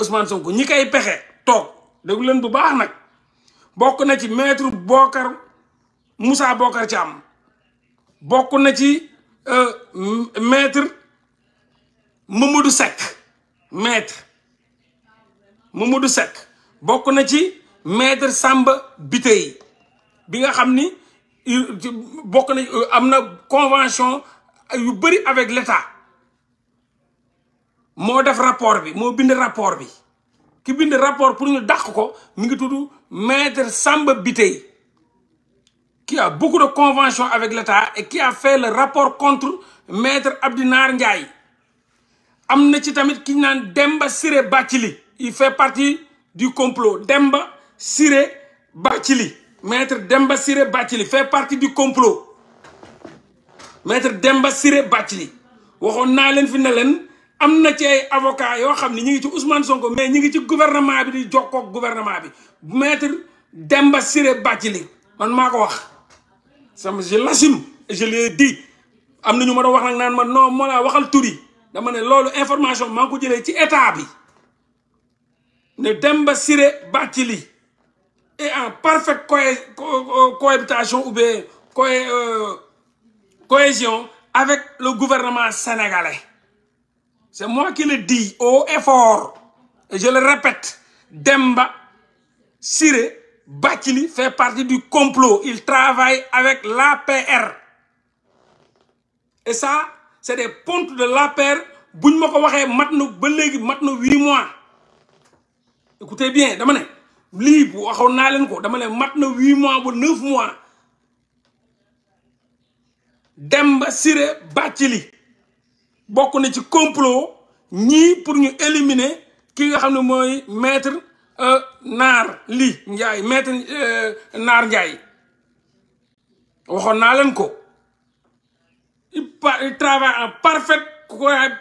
Ousmane Sonko ñi kay pexe toog déglu leen bu baax nag bokk na ci maître Bokar Moussa ci am bokk na ci euh, maître Mamadou Seck maître Mamadou Seck bokk na ci maître Samba Biteye bi nga xam ni bokk na euh, am na convention yu bëri avec l' état moo def rapport bi moo bind rapport bi ki bind rapport pour ñu dàq ko mi ngi tudd maître Samba Bitèye qui a beaucoup de convention avec l'État et qui a fait le rapport contre maître Abdinar Ndiaye am na ci tamit ki ñu naan Demba Ciré Bathily il fait partie du complot Demba Ciré Bathily maître Demba sire Bathily fait partie du complot maître Demba Ciré Bathily waxoon naa leen fi ne leen am na cee ay avocat yoo xam ne ñu ngi ci Ousmane Sonko mais ñu ngi ci gouvernement bi di jokkoog gouvernement bi maître Demba Ciré li man maa ko wax sama je l'assume je l'ai dit am na ñu ma doon wax nag naan ma non moo laa waxal tur yi dama ne loolu information maa ngi ko jëlee ci état bi ne Demba Ciré li est en parfaite cohabitation ou bien euh, cohésion avec le gouvernement sénégalais C'est moi qui le dis haut et fort. Et je le répète, Demba Siré Bakili fait partie du complot. Il travaille avec l'APR. Et ça, c'est des pontes de l'APR. buñ ma ko waxee mat na ba léegi mat na huit mois écoutez bien dama ne lii bo waxoon naa leen ko dama ne mat na huit mois ba neuf mois Demba Siré Bathily bokk na ci complot ñii pour ñu éliminer ki nga xam ne mooy maître euh, naar lii Ndiaye maître euh, naar Ndiaye waxoon naa leen ko il travaille en parfaite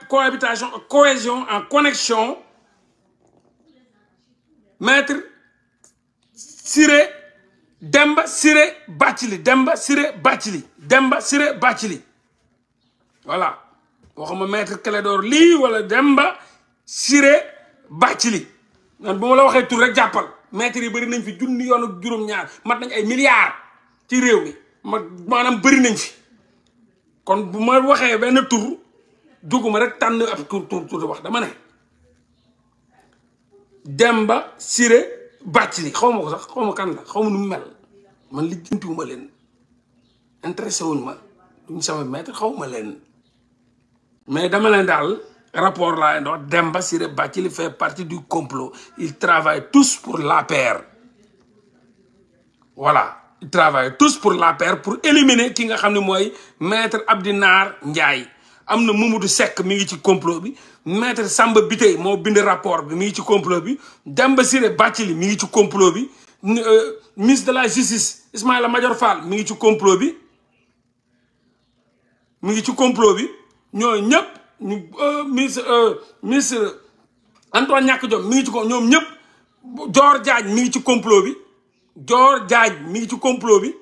cohabitation cohésion en connexion maître Siré Demba Siré Bathily Demba Siré Bathily Demba Siré Bathily voilà waxuma maître Clédor lii wala Demba Ciré Bathily man bu ma la waxee tur rek jàppal maître yi bëri nañ fi junni yoon ak juróom-ñaar mat nañ ay milliards ci réew mi ma maanaam bëri nañ fi kon bu ma waxee benn tur duguma rek tànn ab tur tur tur wax dama ne Demba Ciré Bathily xaw ma ko sax xaw ma kan xaw ma nu mu mel man li jëntuwuma leen intéressé wuñ ma duñ sama maître xaw ma leen mais dama leen daal rapport laa indox Demba Ciré Bathily fait partie du complot ils travaillent tous pour l'APR voilà ils travaillent tous pour l'APR pour éliminer ki nga xam ne mooy maître naar Ndiaye am na Mamadou sekk mi ngi ci complot bi maître Samba Bitey moo bind rapport bi mi ngi ci complot bi Demba Ciré Bathily mi ngi ci complot bi euh, ministre de la justice Ismaïla Madior Fall mi ngi ci complot bi mi ngi ci complot bi ñooy ñëpp ñu euh, ministre euh, ministre Antoine ñàkk jom mi ngi ci ko ñoom ñëpp Dior Diagne mi ngi ci complot bi Dior Diagne mi ngi ci complot bi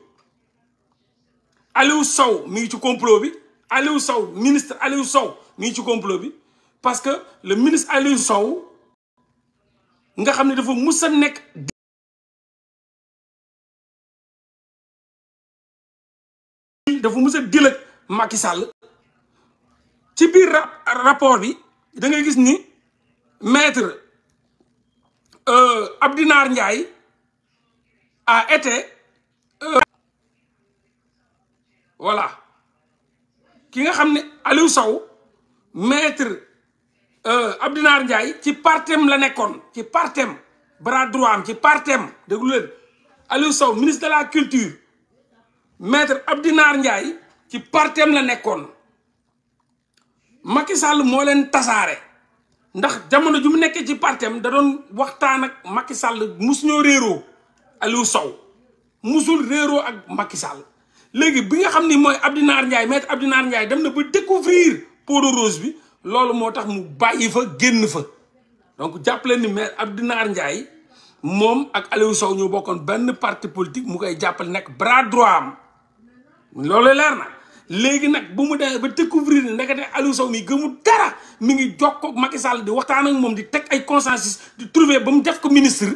Aliou Sow mi ngi ci complot bi Aliou Sow ministre Aliou Sow mi ngi ci complot bi parce que le ministre Aliou Sow nga xam ne dafa mus nekk nekk dafa mus a dil ak ci biir rapport bi da ngay gis ni maitre euh, Abdinar Ndiaye a été euh, voilà ki nga xam ne Aliou Sow maître euh, Abdinar Ndiaye ci partem la nekkoon ci partem bras droit am ci partem déglu leen Aliou Sow ministre de la culture maitre Abdinar Ndiaye ci partem la nekkoon Macky Sall moo leen tasaare ndax jamono ju mu nekkee ci partem da doon waxtaan ak Macky Sall mus ñoo réeroo Aliou Sow musul réeroo ak Macky Sall léegi bi nga xam ni mooy Abdinar Ndiaye maître Abdinar Ndiaye dem na ba découvrir peau de bi loolu moo tax mu bàyyi fa génn fa donc jàppale ni maître Abdinar Ndiaye moom ak Aliou Sow ñoo bokkoon benn parti politique mu koy jàppal nekk bras droit am loolu leer na léegi nag bu mu demee ba découvrir ne te Aliou Sow mi gëmu dara mi ngi jokkoo ak Macky Sall di waxtaan ak moom di teg ay consensus di trouver ba mu def ko ministre.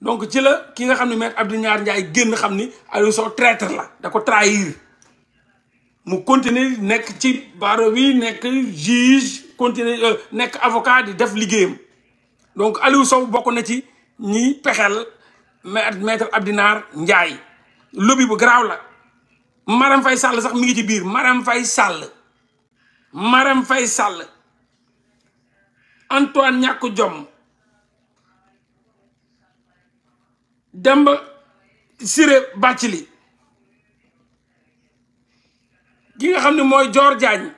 donc ci la ki nga xam ne maître Abdou Niar Ndiaye génn xam ni Aliou Sow traître la da ko trahir mu continuer nekk ci barreau bi nekk juge continuer euh, nekk avocat di def liggéeyam donc Aliou Sow bokk na ci ñiy pexeel maître Abdou Niar Ndiaye lobby bu garaaw la. Marème Faye Sall sax mi ngi ci biir maram fay Sall Marème fay Sall Antoine ñàkk jom Demba Ciré Bathily ki nga xam ni mooy Dior Diagne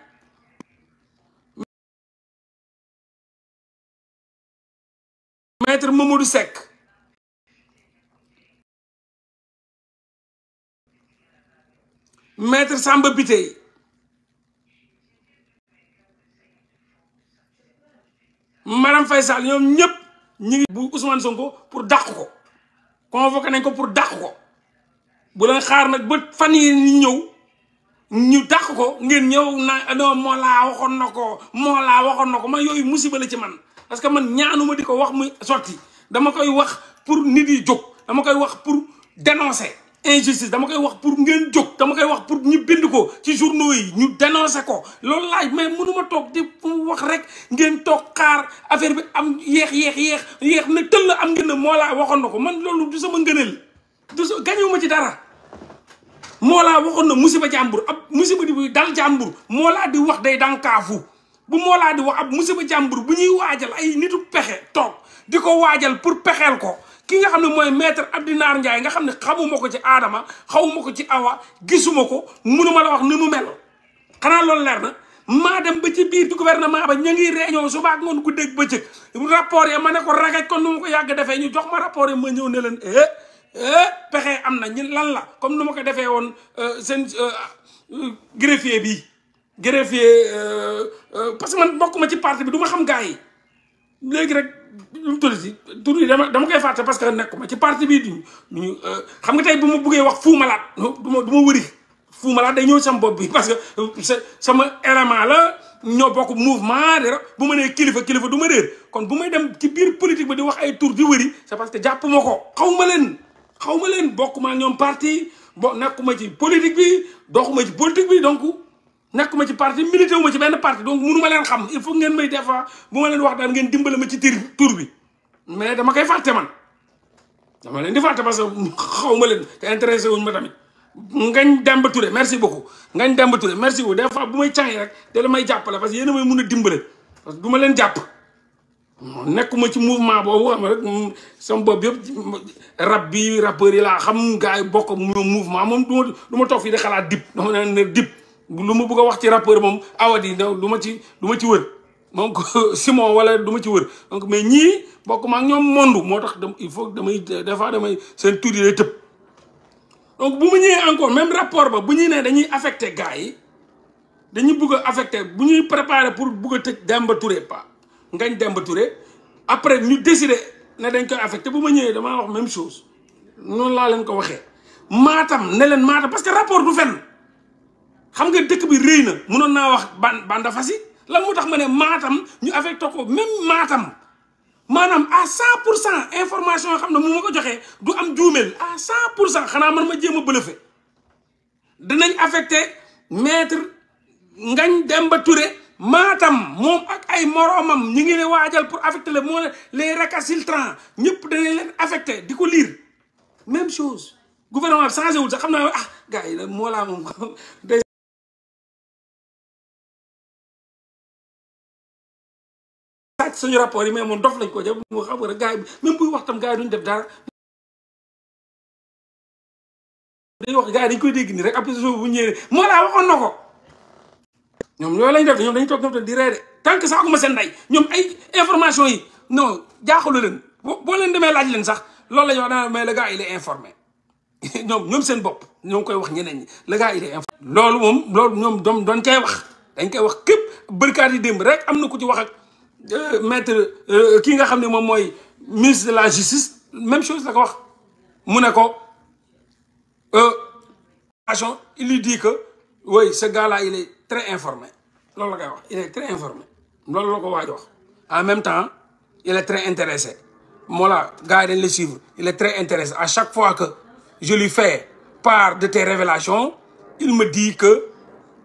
maître Mamadou Seck maître Samba Bitèye Maram Faye Sall ñoom ñëpp ñu ngi bu Ousmane Sonko pour dàq ko convoqué nañ ko pour dàq ko bu leen xaar nag ba fan yi ñëw ñu dàq ko ngeen ñëw na non moo laa waxoon na ko moo laa waxoon na ko man yooyu musiba la ci man parce que man ñaanuma di ko wax muy sorti dama koy wax pour nit yi jóg dama koy wax pour dénoncer injustice dama koy wax pour ngeen jóg dama koy wax pour ñu bind ko ci journaux yi ñu dénoncé ko loolu laaj mais mënuma toog di wax rek ngeen toog xaar affaire bi am yéex yéex yéex yéex ne tëll am ngeen moo waxoon na ko man loolu du sama ngëneel du sa gañewuma ci dara moo laa waxoon na musiba jàmbur ab musiba di dal jàmbur moo laa di wax day dànkaafu bu moo laa di wax ab musiba jàmbur bu ñuy waajal ay nitu pexe toog di ko waajal pour pexeel ko ki nga xam ne mooy maître Abdinaar Ndiaye nga xam ne xamuma ko ci aadama xawuma ko ci awa gisuma ko munuma la wax ni mu mel xanaa lool leer na maa dem ba ci biir gouvernement ba ña ngi réunion suba ak ngoon guddeeg bëccëg rapport yi ma ne ko ragaj kon nu ma ko yàgg defee ñu jox ma rapport yi ma ñëw ne leen eh eh pexe am na ñu lan la comme nu ma ko defee woon euh, seen euh, greffier bi greffier euh, parce que man bokk ci parti bi du ma xam gars yi léegi rek. lu mu tudd dama dama koy fàtte parce que nekkuma ci parti bii du ñu euh, xam nga tey bu ma buggee wax Fou Malade du ma du ma wëri Fou Malade day ñëw sama bopp bi parce que euh, sama élément la ñoo bokk mouvement de bu ma nee kilifa kilifa du ma réer kon bu may dem ci biir politique ba di wax ay tur di wëri c'est parce que jàpp ma ko xaw ma leen xaw ma leen bokkuma maa ñoom parti bo nekkuma ci politique bi doxuma ci politique bi donc nekkuma ci parti milité wu ci benn parti donc munu ma leen xam il faut ngeen may des fois bu ma leen wax ngeen dimbale ma tir tur bi mais dama koy fàtte man dama leen di fàtte parce que xaw ma leen te intéressé wuñ ma tamit ngañ Demba Touré merci beaucoup ngañ Demba Touré merci beaucoup des fois bu may caay rek te la may jàppale parce que yéen a may a dimbale parce que du leen jàpp nekkuma ci mouvement boobu xam rek mm, sama bopp yëpp rab bi rappeurs yi laa xam gars bokk moom mouvement moom ma du ma toog fii di xalaat dip dama ne dip lu ma bugg a wax ci rapport moom awadi ndaw du ma ci duma ci wër donc Simon wala du ci wër donc mais ñii bokk ma ñoom mondu moo tax il faut damay des fois damay seen tur yi tëb. donc bu ma ñëwee encore même rapport ba bu ñuy nee dañuy affecté gars yi dañuy bugg a affecté bu ñuy préparé pour bëgg a tëj Demba Touré pas ngañ Demba après ñu décidé ne dañ koy affecté bu ma ñëwee damaa wax même chose noonu laa leen ko waxee. Matam ne leen Matam parce que rapport du fenn. xam nga dëkk bi rëy na mënoon naa wax ban banda fasi lan moo tax ma ne maatam ñu affecté ko même maatam maanaam à cent pour cent information yoo xam ne mu ma ko joxee du am juumeel à pour cent xanaa man ma jéem a bëlëfe dinañ affecté maître Ngagne Demba Touré maatam moom ak ay moroomam ñu ngi ne waajal pour affecter le moo les récalcitrants ñëpp danañ leen affecté di ko liir même chose gouvernement bi changé wul sax xam naa ah gars moo laa moom sàcc suñu rapport yi mais moom dof lañ ko jëm xam nga gars yi même buy wax tam gars yi wax gars dañ koy dégg nii rek après suuf bu ñëwee moo laa waxoon na ko. ñoom yooyu lañ def ñoom dañu toog ñoom di reere tant que sax akuma seen ndey ñoom ay information yi non jaaxalu leen boo boo leen demee laaj leen sax loolu la ñu wax daan mais le gars il est informé ñoom ñoom seen bopp ñoo ngi koy wax ñeneen ñi le gars il loolu moom loolu ñoom doom doon cay wax dañ koy wax képp bërkaat yi démb rek am na ku ci wax ak. Euh, maître euh, ki nga xam ne moom mooy ministre de la justice même chose la ko wax mu ne ko euh, agent il lui dit que oui ce gars là il est très informé loolu la wax il est très informé loolu la ko waaj wax en même temps il est très intéressé voilà gars yi dañ la suivre il est très intéressé à chaque fois que je lui fais part de tes révélations il me dit que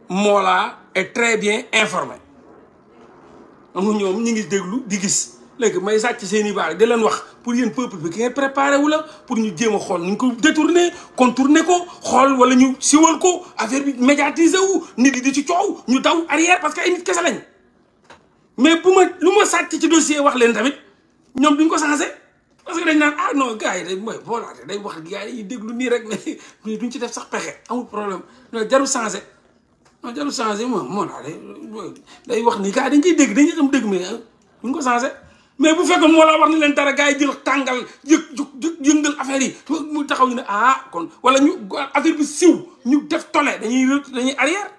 Mollah est très bien informé am na ñoom ñu ngi déglu di gis léegi may sàcc seen i baar di leen wax pour yéen peuple bi ki ngeen préparé wu la pour ñu jéem a xool ñu ko détourné contourné ko xool wala ñu siwal ko affaire bi médiatisé wu nit yi di ci coow ñu daw arrière parce que ay nit kese mais bu ma lu ma sàcc ci dossier wax leen tamit ñoom duñ ko changé parce que dañ naan ah non gars yi day mooy boolaate day wax gars yi déglu nii rek mais duñ ci def sax pexe amul problème non jarul changé non jarul changé moom moo naa day wax ni gars dañ koy dégg dañuy xam dégg mais duñ ko changé mais bu fekkoon moo la wax leen dara gars yi jël tàngal yëg yëngal affaire yi mu taxaw ñu ne ah kon wala ñu affaire bi siw ñu def tole dañuy dañuy arrière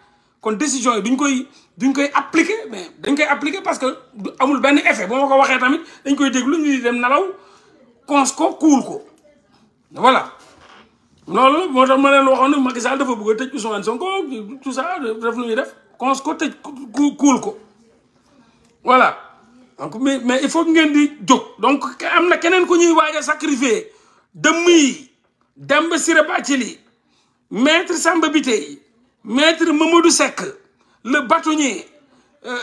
kon décision yi duñ koy duñ koy appliquer mais dañ koy appliquer parce que amul benn effet bu ma ko waxee tamit dañ koy lu ñu di dem nalaw cons ko kuul ko voilà loolu moo tax ma leen waxoon ne Macky Sall dafa bëgg a tëj Ousmane Sonko tout ça def lu ñuy def cons ko tëj kuul ko voilà donc mais mais il faut ngeen di jóg donc am na keneen ku ñuy waaj a sacrifier dëmm yi Demba Ciré Bathily maître Samba Bitèye maître Mamadou Seck le bâtonnier euh,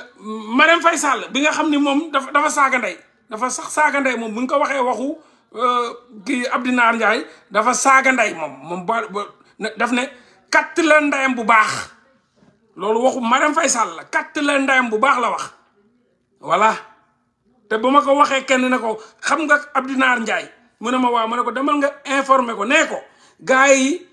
Marème Faye Sall bi nga xam ne moom dafa dafa saaga ndey dafa sax saaga ndey moom bu ñu ko waxee waxu Euh, kii Abdi Naar dafa saaga nday moom moom ba daf ne katt la ndayam bu baax loolu waxu Marème Faye Sall la katt la ndayam bu baax la wax voilà te bu ma ko waxee kenn ne ko xam nga Abdi Naar Ndiaye mu ne ma waaw ma ne ko demal nga informer ko nee ko gars yi